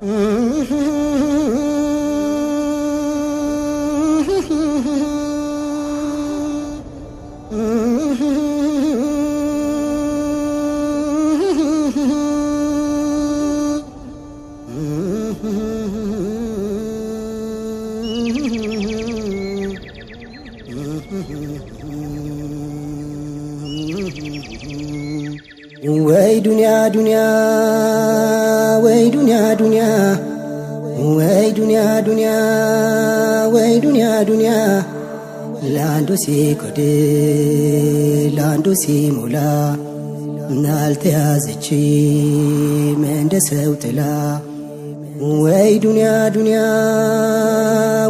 Mm-hmm. ዱንያ ወይ ዱንያ ዱንያ ወይ ዱንያ ዱንያ ወይ ዱንያ ዱንያ ለአንዱ ሲጎድ ለአንዱ ሲሞላ ናልተያዘችም እንደ ሰው ጥላ ወይ ዱንያ ዱንያ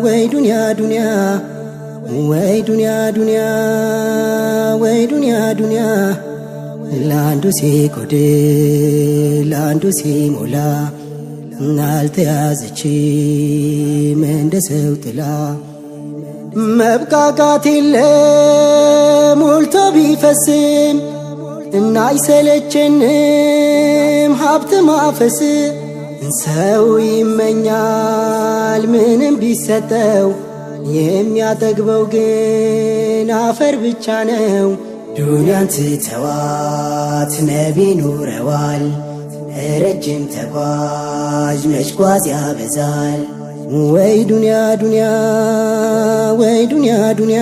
ወይ ዱንያ ዱንያ ወይ ዱንያ ዱንያ ወይ ዱንያ ዱንያ ለአንዱ ሲኮድ ለአንዱ ሲሞላ አልተያዘችም እንደ ሰው ጥላ መብቃቃት የለ ሞልቶ ቢፈስም እና አይሰለችንም ሀብት ማፈስ ሰው ይመኛል ምንም ቢሰጠው የሚያጠግበው ግን አፈር ብቻ ነው። ዱንያን ትተዋት ነቢ ኑረዋል። ረጅም ተጓዥ መሽጓዝ ያበዛል። ወይ ዱንያ ዱንያ ወይ ዱንያ ዱንያ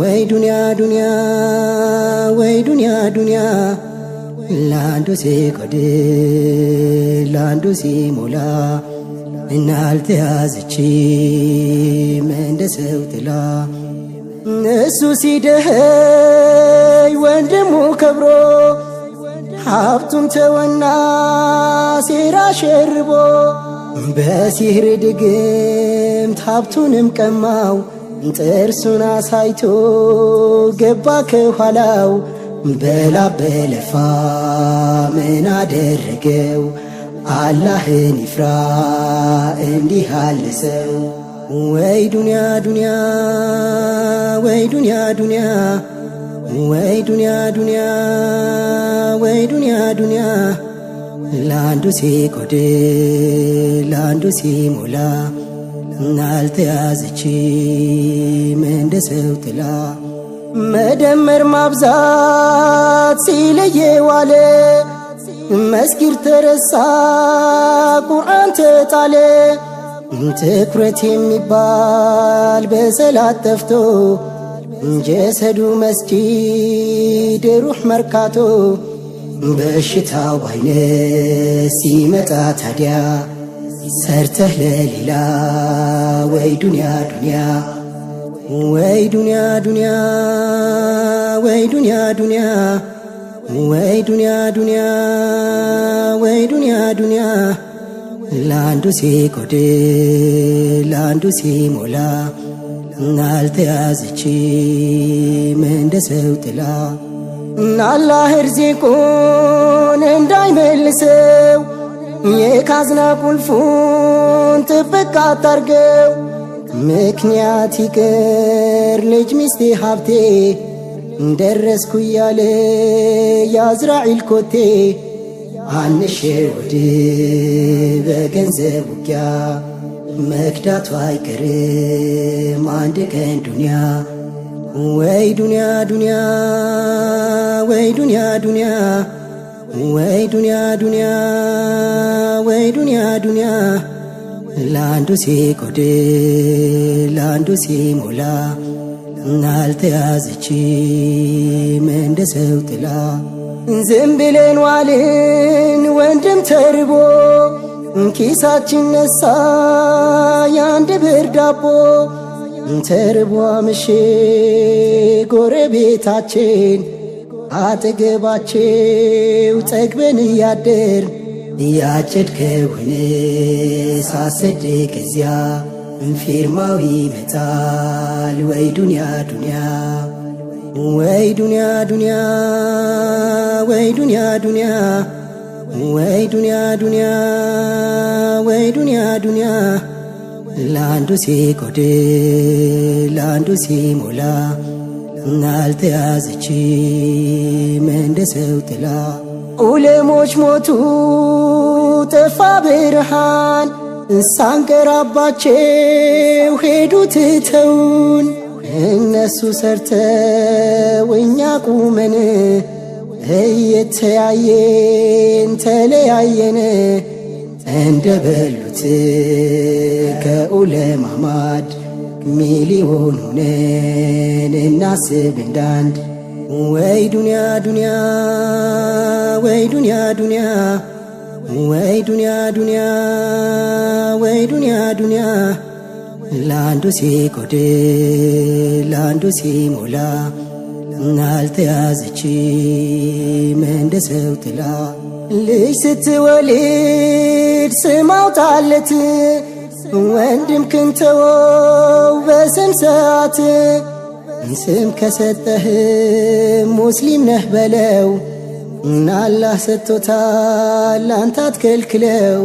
ወይ ዱንያ ዱንያ ወይ ዱንያ ዱንያ ለአንዱ ሲጎድል ለአንዱ ሲሞላ እናልተያዝች አልተያዘችም እንደ ሰው ጥላ እሱ ሲደኸይ ወንድሙ ከብሮ ሀብቱን ተወና ሴራ ሸርቦ በሲህር ድግምት ሀብቱንም ቀማው ጥርሱን አሳይቶ ገባ ከኋላው በላ በለፋ ምን አደረገው አላህን ይፍራ እንዲህ አለ ሰው ወይ ዱንያ ዱንያ ወይ ዱንያ ዱንያ ወይ ዱንያ ዱንያ ወይ ዱንያ ዱንያ ለአንዱ ሲቆድ ለአንዱ ሲሞላ አልተያዘችም እንደ ሰው ጥላ መደመር ማብዛት ሲለየ ዋለ መስጊድ ተረሳ ቁርአን ተጣለ ትኩረት የሚባል በሰላት ጠፍቶ ጀሰዱ መስጂድ ሩህ መርካቶ በሽታው አይነት ሲመጣ ታዲያ ሰርተህ ለሌላ ወይ ዱንያ ዱንያ ወይ ዱንያ ዱንያ ወይ ዱንያ ዱንያ ወይ ዱንያ ዱንያ ወይ ዱንያ ዱንያ ለአንዱ ሲቆድ ለአንዱ ሲሞላ ናልተያዘች እንደ ሰው ጥላ ናላህ ርዚቁን እንዳይመልሰው የካዝና ቁልፉን ጥብቅ አታርገው። ምክንያት ይቅር ልጅ ሚስቴ ሀብቴ ደረስኩ እያለ ያዝራኢል ኮቴ አንሼ በገንዘብ ውጊያ መክዳቱ አይቀርም አንድ ቀን ዱንያ ወይ ዱንያ ዱንያ ወይ ዱንያ ዱንያ ወይ ዱንያ ዱንያ ወይ ዱንያ ዱንያ ለአንዱ ሲጎድ ለአንዱ ሲሞላ እናልተያዘችም እንደ ሰው ጥላ ዝም ብለን ዋልን ወንድም ተርቦ ኪሳችን ነሳ ያንድ ብር ዳቦ ተርቧ ምሼ ጎረቤታችን አጠገባቸው ጠግበን እያደር እያጨድከውን ሳሰድቅ እዚያ ፊርማው ይመጣል ወይ ዱንያ ዱንያ ወይ ዱንያ ዱንያ ወይ ዱንያ ዱንያ ወይ ዱንያ ዱንያ ወይ ዱንያ ዱንያ ለአንዱ ሲጎድ ለአንዱ ሲሞላ አልተያዘችም እንደ ሰው ጥላ ዑለሞች ሞቱ ጠፋ ብርሃን ሳንቀራባቸው ሄዱ ትተውን እነሱ ሰርተው እኛ ቁመን እየተያየን ተለያየን። እንደ በሉት ከኡለማማድ ማድ ሚሊዮን ሆነን እናስብ እንዳንድ። ወይ ዱንያ ዱንያ ወይ ዱንያ ዱንያ ወይ ዱንያ ዱንያ ወይ ዱንያ ዱንያ ለአንዱ ሲጎድል ለአንዱ ሲሞላ አልተያዘችም እንደ ሰው ጥላ ልጅ ስትወልድ ስም አውጣለት ወንድም ክንተወው በስም ሰዓት ስም ከሰጠህ ሙስሊም ነህ በለው እና አላህ ሰጥቶታል አንተ አትከልክለው።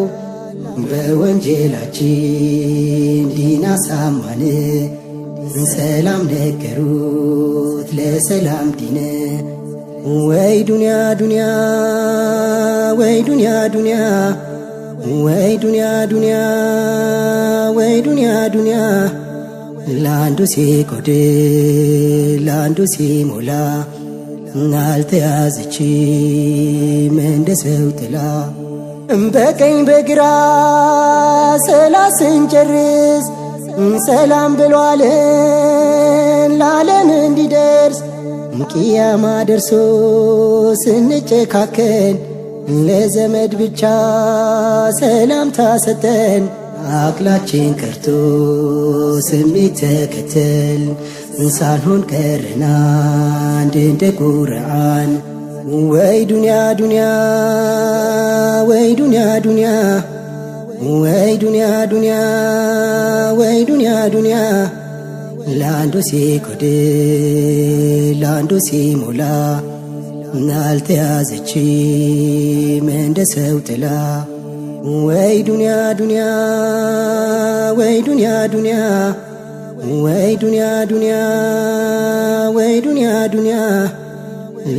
በወንጀላችን ሳማን ሰላም ነገሩት ለሰላም ዲን ወይ ዱንያ ዱንያ ወይ ዱንያ ዱንያ ወይ ዱንያ ዱንያ ወይ ዱንያ ዱንያ ለአንዱ ሲቆድ ለአንዱ ሲሞላ አልተያዘችም እንደ ሰው ጥላ በቀኝ በግራ ሰላስን ጨርስ ሰላም ብሏልን ላለን እንዲደርስ ቅያማ ደርሶ ስንጨካከን ለዘመድ ብቻ ሰላምታ ሰጠን። አቅላችን ቀርቶ ስሜት ተከተል እንሳንሆን ቀርና አንድ እንደ ቁርአን ወይ ዱንያ ዱንያ ወይ ዱንያ ዱንያ ወይ ዱንያ ዱንያ ወይ ዱንያ ዱንያ ለአንዱ ሲጎድል ለአንዱ ሲሞላ አልተያዘችም እንደ ሰው ጥላ ወይ ዱንያ ዱንያ ወይ ዱንያ ዱንያ ወይ ዱንያ ዱንያ ወይ ዱንያ ዱንያ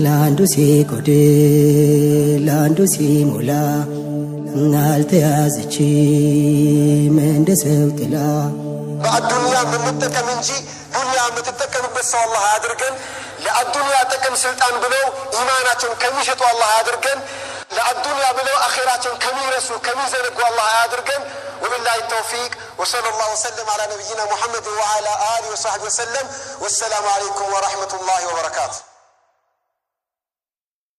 ለአንዱ ሲጎድል ለአንዱ ሲሞላ አልተያዘችም እንደ ሰው ጥላ በአዱንያ ብንጠቀም እንጂ ዱንያ የምትጠቀምበት ሰው አላህ አድርገን። ለአዱንያ ጥቅም ስልጣን ብለው ኢማናቸውን ከሚሸጡ አላህ አድርገን። ለአዱንያ ብለው አኼራቸውን ከሚረሱ ከሚዘነጉ አላህ አድርገን። وبالله التوفيق وصلى الله وسلم على نبينا محمد وعلى آله وصحبه وسلم والسلام عليكم ورحمة الله وبركاته